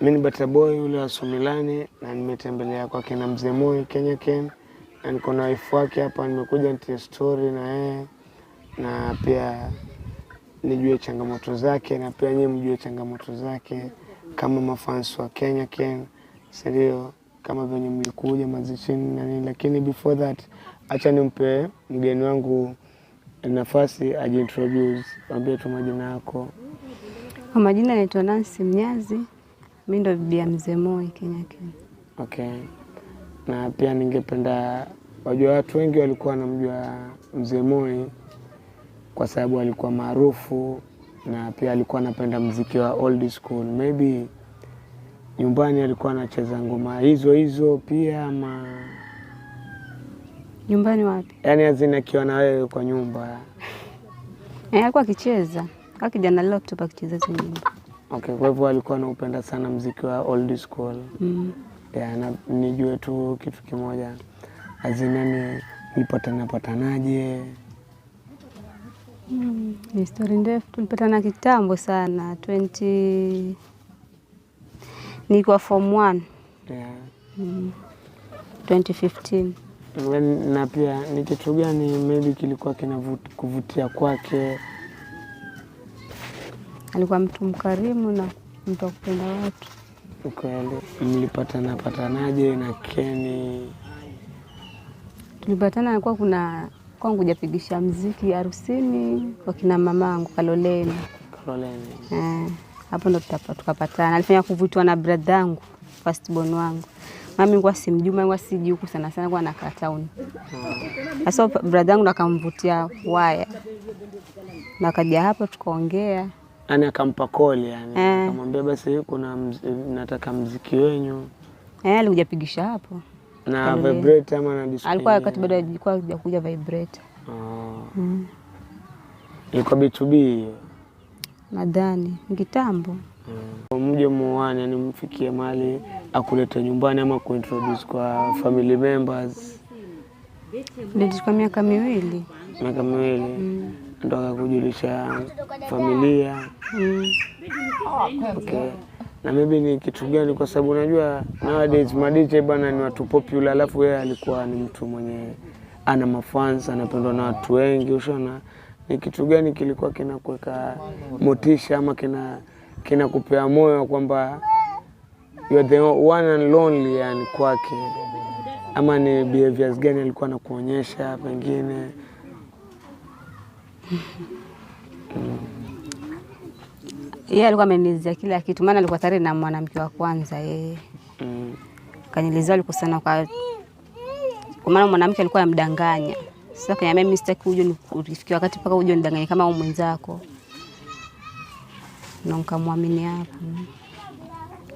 Mimi ni Bataboy yule wa Sumilani na nimetembelea kwa kina Mzee Moi Kenya Ken na niko na wife wake hapa, nimekuja nitie story na yeye na pia nijue changamoto zake na pia nyinyi mjue changamoto zake kama mafans wa Kenya Ken, si Kama venye mlikuja mazishini na nini, lakini before that, acha nimpe mgeni wangu nafasi ajiintroduce, ambie tu majina yako. Kwa majina naitwa Nancy Mnyazi mi ndo bibi ya mzee Moi kenya kenya Okay, na pia ningependa wajua, watu wengi walikuwa wanamjua mzee Moi kwa sababu alikuwa maarufu na pia alikuwa anapenda mziki wa old school. Maybe nyumbani alikuwa anacheza ngoma hizo hizo pia ama nyumbani wapi? Yaani azinakiwa na wewe kwa nyumba alikuwa eh, akicheza, kijana leo kutopa akicheza nyimbo Okay, kwa hivyo alikuwa anaupenda sana mziki wa old school. Mm. Yeah, na nijue tu kitu kimoja azinani nipatana patanaje? Mm, ni stori ndefu. Tulipatana kitambo sana 20 nilikuwa form 1. Yeah. Mm. 2015 na pia ni kitu gani maybe kilikuwa kinakuvutia kwake alikuwa mtu mkarimu na mtu wa kupenda watu. Ukweli mlipatana patanaje na Keni? Tulipatana alikuwa kuna kwangu japigisha mziki harusini wakina mamangu Kaloleni, Kaloleni eh, hapo ndo tukapatana. Alifanya kuvutwa na bradhangu first born wangu mami ngwa simjuma ngwa siji huku sana sana kwa nakaa town. Ah. Sasa brother yangu akamvutia waya na kaja hapa tukaongea, yani akampa koli yani eh. Akamwambia basi kuna nataka mziki wenyu eh, alikujapigisha hapo na vibrator ama na disco. Alikuwa wakati bado alikuwa hajakuja vibrator. Oh. Mm. Ilikuwa B2B hiyo. Nadhani kitambo. Mm. Mje muoane, yani mfikie mali akulete nyumbani ama kuintroduce kwa family members. Ndio kwa miaka miwili. Miaka miwili. Mm ndo akakujulisha familia mm. Okay. na mimi ni kitu gani, kwa sababu unajua nowadays madije bwana ni watu popular, alafu yeye alikuwa ni mtu mwenye ana mafans anapendwa na watu wengi. Ushona ni kitu gani kilikuwa kinakuweka motisha ama kina kinakupea moyo kwamba you are the one and lonely, yani kwake, ama ni behaviors gani alikuwa anakuonyesha pengine yeye alikuwa amenielezea kila kitu, maana alikuwa tayari na mwanamke wa kwanza yeye. Mm. Kanielezea alikuwa sana kwa kwa maana mwanamke alikuwa anamdanganya. Sasa kaniambia mimi sitaki uje ufikie wakati mpaka uje unidanganye kama au mwenzako. Na nikamwamini hapo.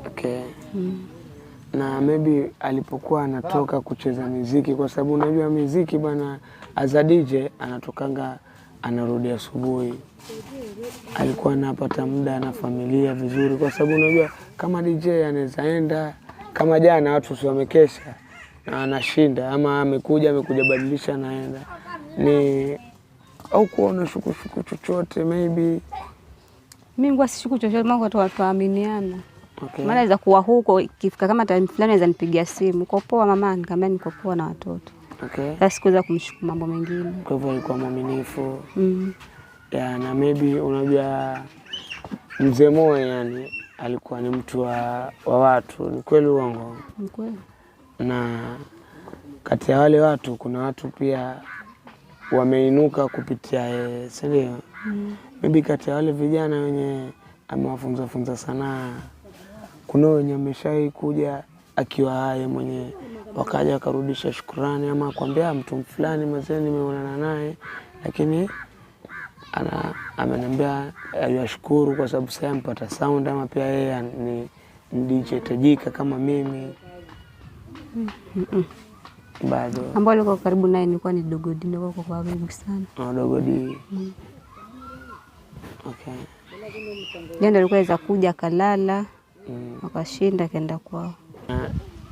Okay. Mm. Na maybe alipokuwa anatoka kucheza muziki, kwa sababu unajua muziki bwana, azadije anatokanga anarudi asubuhi, alikuwa anapata muda na familia vizuri, kwa sababu unajua kama DJ anaweza enda kama jana, watu si wamekesha na anashinda, ama amekuja amekuja badilisha, anaenda ni au kuona shukushuku chochote maybe mimi ngwa shuku chochote, mako watu waaminiana. Okay. Maana za kuwa huko ikifika kama time fulani, aweza nipigia simu, kopoa mama, nikamwambia niko poa na watoto okay. Sikuweza kumshukuru mambo mengine, kwa hivyo alikuwa mwaminifu mm. yeah, na maybe unajua mzee Moyo yani alikuwa ni mtu wa, wa watu. Ni kweli uongo? Ni kweli. Na kati ya wale watu kuna watu pia wameinuka kupitia yeye, si ndio? mm. maybe kati ya wale vijana wenye amewafunzafunza sanaa kuna wenye ameshawai kuja akiwa haye mwenye wakaja akarudisha shukurani ama kwambia ah, mtu fulani mzee, nimeonana naye lakini ana ameniambia ayashukuru kwa sababu sasa mpata sound ama pia yeye ni DJ tajika kama mimi mm -mm. Bado ambao alikuwa karibu naye nilikuwa ni Dogodi, ndio kwa karibu sana ah Dogodi mm. Okay, ndio alikuwa aweza kuja akalala mm. akashinda akaenda kwao.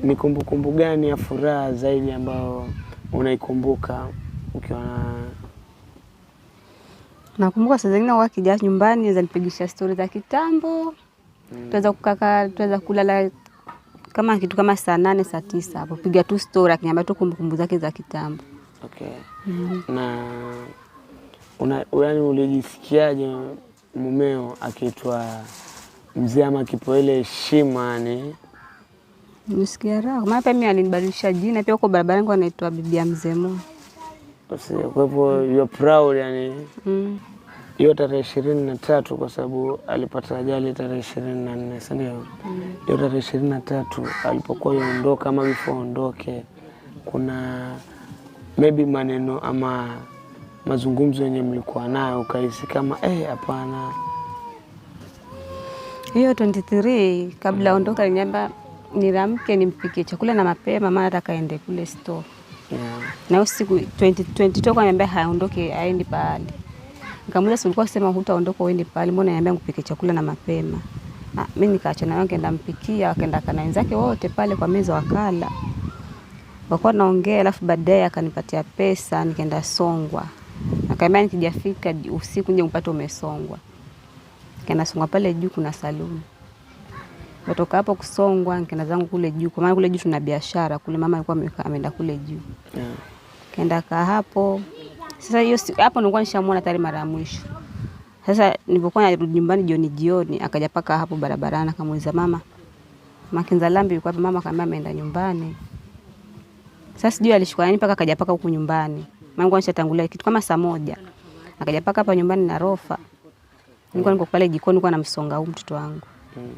Ni kumbukumbu gani ya furaha zaidi ambayo unaikumbuka ukiwa na nakumbuka saa zingine huwa akija nyumbani naweza nipigisha stori za kitambo mm. Tuweza kukaka tuweza kulala kama kitu kama saa nane saa tisa hapo, piga tu stori akiniambia tu kumbukumbu zake za kitambo. Okay. Mm. Na una, yaani ulijisikiaje mumeo akiitwa mzee ama kipoele heshima ni Nisikia raha. Maana pia mimi alinibadilisha jina pia huko barabarani kwa anaitwa bibi ya mzee Mo. Basi kwa hivyo you proud yani. Mm. Hiyo tarehe ishirini na tatu kwa sababu alipata ajali tarehe ishirini na nne si ndio? Mm. Hiyo tarehe ishirini na tatu alipokuwa yaondoka ama before aondoke, kuna maybe maneno ama mazungumzo yenye mlikuwa nayo ukahisi kama eh, hapana. Hiyo 23 kabla aondoka, mm. aliniambia niramke nimpikie chakula na mapema, maana atakaende kule store yeah. na usiku 2022 toka niambia haondoke aendi pale, nikamuuliza si ulikuwa sema hutaondoka uendi pale, mbona niambia nipikie chakula na mapema? Ah, mimi nikaacha na wangu ndampikia, wakaenda kana wenzake wote pale kwa meza wakala, wakuwa naongea, alafu baadaye akanipatia pesa, nikaenda Songwa akaambia nikijafika yaani, usiku nje upate umesongwa. Kaenda Songwa pale juu kuna saluni kutoka hapo Kusongwa nikaenda zangu kule juu, kwa maana kule juu tuna biashara kule, mama alikuwa ameenda kule juu yeah. Kaenda ka hapo sasa, hiyo hapo nilikuwa nishamwona tayari mara ya mwisho. Sasa nilipokuwa narudi nyumbani jioni jioni, akaja paka hapo barabarani, akamuuliza mama Makinza Lambi yuko hapa mama, akamwambia ameenda nyumbani. Sasa sijui alishukua nini paka akaja paka huku nyumbani, Mama nilikuwa nishatangulia kitu kama saa moja, akaja paka hapa nyumbani na rofa. Nilikuwa niko pale jikoni, nilikuwa namsonga huyu mtoto wangu mm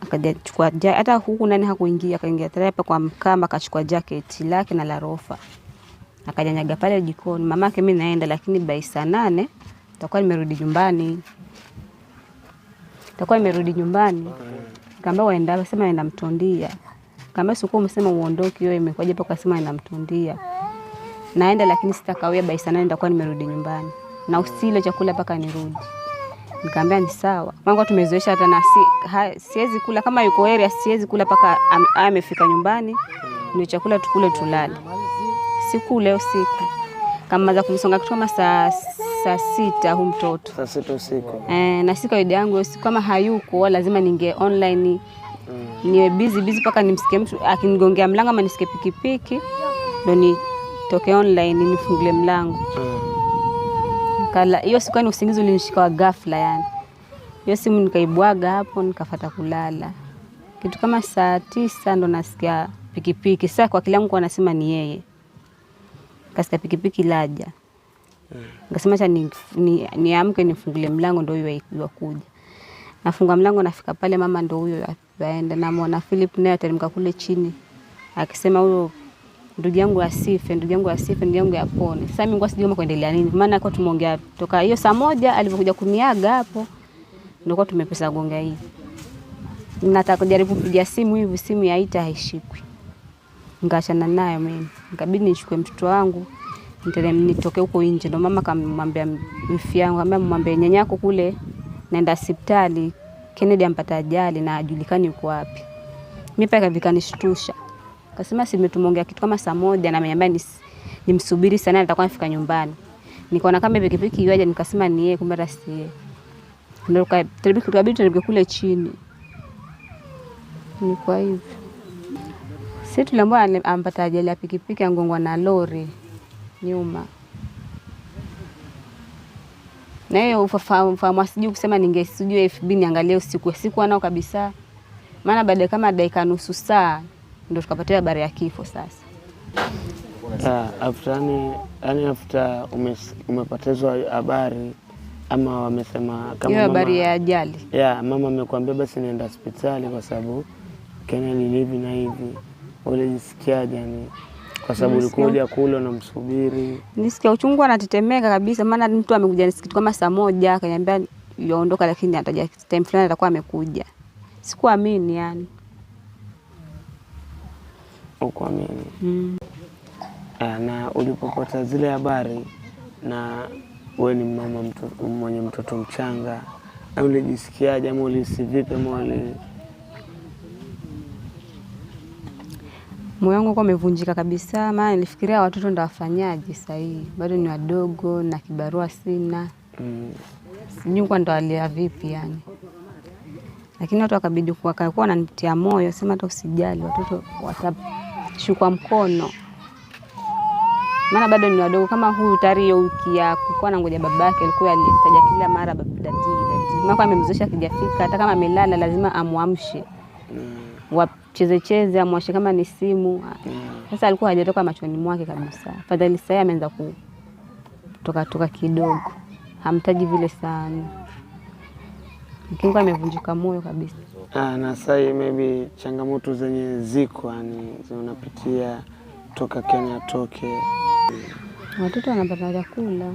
akachukua hata huku ndani hakuingia, akaingia tena hapa kwa mkama, akachukua jacket lake na la rofa akanyanyaga pale jikoni. Mamake mimi naenda, lakini by saa nane takuwa nimerudi nyumbani, takuwa nimerudi nyumbani. Kamba waenda, akasema aenda Mtondia. kamba sikuwa umesema uondoke wewe, imekuja paka? kasema aenda Mtondia. Naenda lakini sitakawia, by saa nane nitakuwa nimerudi nyumbani, na usile chakula mpaka nirudi. Nikamwambia ni sawa mangu, tumezoesha hata na si, ha, siwezi kula kama yuko area, siwezi kula mpaka amefika nyumbani, Ni chakula tukule tulale. Siku leo siku kama za kumsonga kitu kama saa saa sita hu mtoto saa sita usiku e, na si kawaida yangu siku kama hayuko lazima ninge online mm. niwe busy busy mpaka nimsikie mtu akinigongea mlango ama nisikie pikipiki ndo nitoke online nifungule mlango mm. Kala hiyo siku yani usingizi ulinishika wa ghafla yani. Hiyo simu nikaibwaga hapo nikafata kulala. Kitu kama saa tisa ndo nasikia pikipiki. Sasa kwa kila mtu anasema ni yeye. Kasikia pikipiki laja. Nikasema cha niamke ni, ni nifungulie mlango ndo huyo yakuja. Nafunga mlango nafika pale mama ndo huyo yaenda na Philip naye ateremka kule chini. Akisema huyo ndugu yangu asife, ndugu yangu asife, ndugu yangu yapone. Sasa mimi sijui kama kuendelea nini, maana kwa tumeongea toka hiyo saa moja alivyokuja kuniaga hapo, ndio kwa tumepesa gonga hii. Nataka kujaribu kupiga simu hivi, simu yaita haishikwi, ngaachana nayo mimi, nikabidi nichukue mtoto wangu nitoke huko nje. Ndio mama kamwambia mfi yangu, mwambie nyanyako kule naenda hospitali, Kennedy ampata ajali na ajulikani yuko wapi. Mimi pia kavikanishtusha. Akasema si nimetumongea kitu kama saa moja na ameniambia ni nimsubiri sana nitakuwa nafika nyumbani. Nikaona kama pikipiki yaje nikasema ni yeye kumbe rasi yeye. tribiki tukabidi tuteremke kule chini. Ni kwa hivyo. Sisi tuliambiwa ampata ajali ya pikipiki angongwa na lori nyuma. Na hiyo ufahamu sijui kusema ningesijui FB niangalie usiku. Sikuwa nao kabisa. Maana baada kama dakika nusu saa ndio tukapatia habari ya kifo. Sasa ah, yani after umepatezwa habari ama wamesema kama habari ya ajali ya mama amekuambia, basi nenda hospitali kwa sababu Kenya ni hivi na hivi, ulijisikiaje? Yani kwa sababu ulikuja uja kule unamsubiri. Nisikia uchungu, anatetemeka kabisa, maana mtu amekuja nisikitu kama saa moja akaniambia yaondoka, lakini ataja time fulani atakuwa amekuja. Sikuamini yani kuamini mm. Ah, na ulipopata zile habari na we ni mama mtoto, mwenye mtoto mchanga, na ulijisikiaje ama ulihisi vipi? Mali moyo wangu kuwa umevunjika kabisa, maana nilifikiria watoto ndawafanyaje sahii, bado ni wadogo na kibarua sina mm. Sijui kwa ndawalea vipi yani lakini watu wakabidi kuwakakuwa wananitia moyo, sema hata usijali, watoto watashukwa mkono, maana bado ni wadogo. Kama huyu tayari hiyo wiki ya kukua na ngoja babake alikuwa alitaja kila mara dadi dadi, mama amemzosha kijafika, hata kama amelala lazima amwamshe mm. wachezecheze, amwashe kama ni simu. Mm. Sasa alikuwa hajatoka machoni mwake kabisa. Fadhali sasa ameanza kutoka kidogo, hamtaji vile sana. Nikikuwa amevunjika moyo kabisa. Ah, na sai maybe changamoto zenye ziko yani zinapitia toka Kenya toke. Watoto wanapata chakula.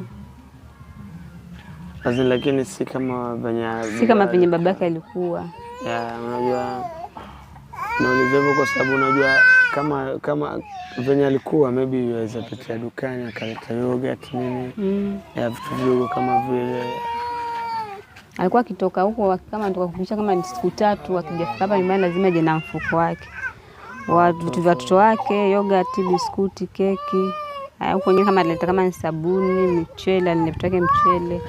Basi lakini si kama venye si kama venye babake alikuwa. Yeah, unajua nauliza hivyo kwa sababu unajua kama kama venye alikuwa maybe aweza pitia dukani akaleta yogurt nini. Mm. Ya vitu vidogo kama vile alikuwa akitoka huko kama anatoka kufundisha kama siku tatu, akijafika hapa nyumbani lazima aje na mfuko wake wa vitu vya watoto wake, yogati, biskuti, keki huko nyewe, kama alileta kama ni sabuni, mchele alineptake ah. mchele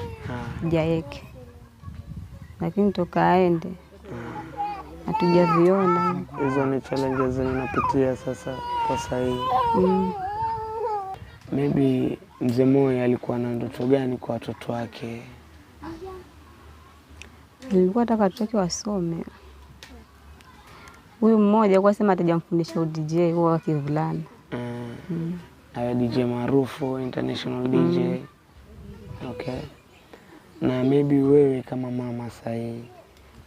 jaeke, lakini toka aende hatujaviona. Hizo ni challenges zenye napitia sasa kwa sahii mm. Maybe Mzee Moi alikuwa na ndoto gani kwa watoto wake? nilikuwa nataka watoto wake wasome. Huyu mmoja kwa sema atajamfundisha DJ huo wa kivulana mm. mm. awe DJ maarufu international DJ mm. Okay, na maybe wewe kama mama sahii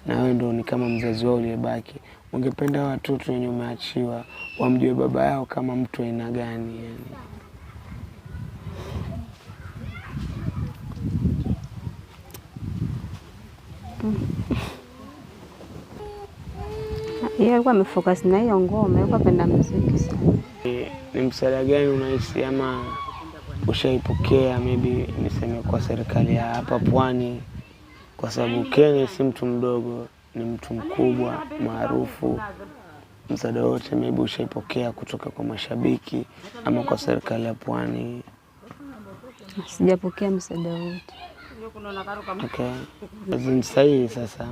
na wewe ndo ni kama mzazi wao uliyebaki, ungependa watoto wenye umeachiwa wamjue baba yao kama mtu aina gani yani? Mm. Yeye alikuwa amefocus na hiyo ngoma, alikuwa penda muziki sana. Ni msaada gani unahisi ama ushaipokea maybe niseme kwa serikali ya hapa Pwani, kwa sababu Kenya si mtu mdogo, ni mtu mkubwa maarufu. Msaada wote maybe ushaipokea kutoka kwa mashabiki ama kwa serikali ya Pwani? Sijapokea msaada wote. Okay. sasa,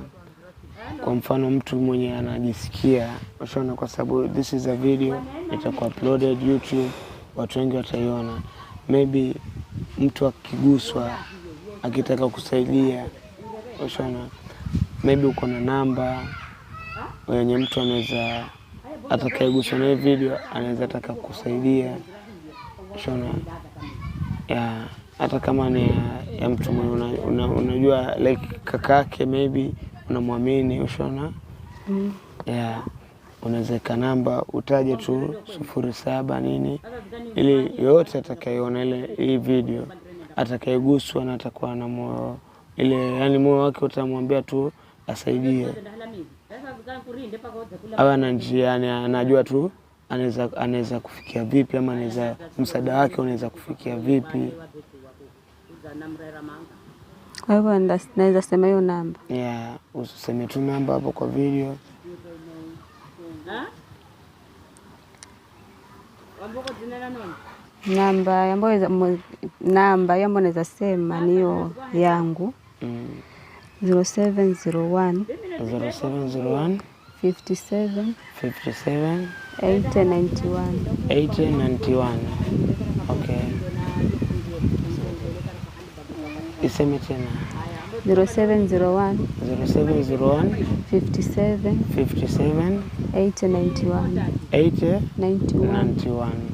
kwa mfano mtu mwenye anajisikia, ushaona, kwa sababu this is a video itakuwa uploaded YouTube, watu wengi wataiona, maybe mtu akiguswa, akitaka kusaidia, ushaona, maybe uko na namba wenye mtu anaweza atakayeguswa na hii video anaweza taka kusaidia, ushaona yeah hata kama ni uh, ya mtu mwenye una, una, unajua like kakake maybe unamwamini ushona mm. yeah unawezeka namba utaje tu sufuri saba nini, ili yoyote atakayeona ile hii video atakayeguswa na atakuwa na moyo ile, yani moyo wake utamwambia tu asaidie, awe na njia, anajua tu anaweza kufikia vipi, ama anaweza msaada wake unaweza kufikia vipi. Kwa hivyo naweza sema hiyo namba. Yeah, usiseme tu namba hapo kwa video. Namba ambayo namba hiyo ambayo naweza sema ni hiyo yangu mm. 0701 0701 57 57 8091 8091. Okay. Niseme tena 0701 0701 57 57 891 891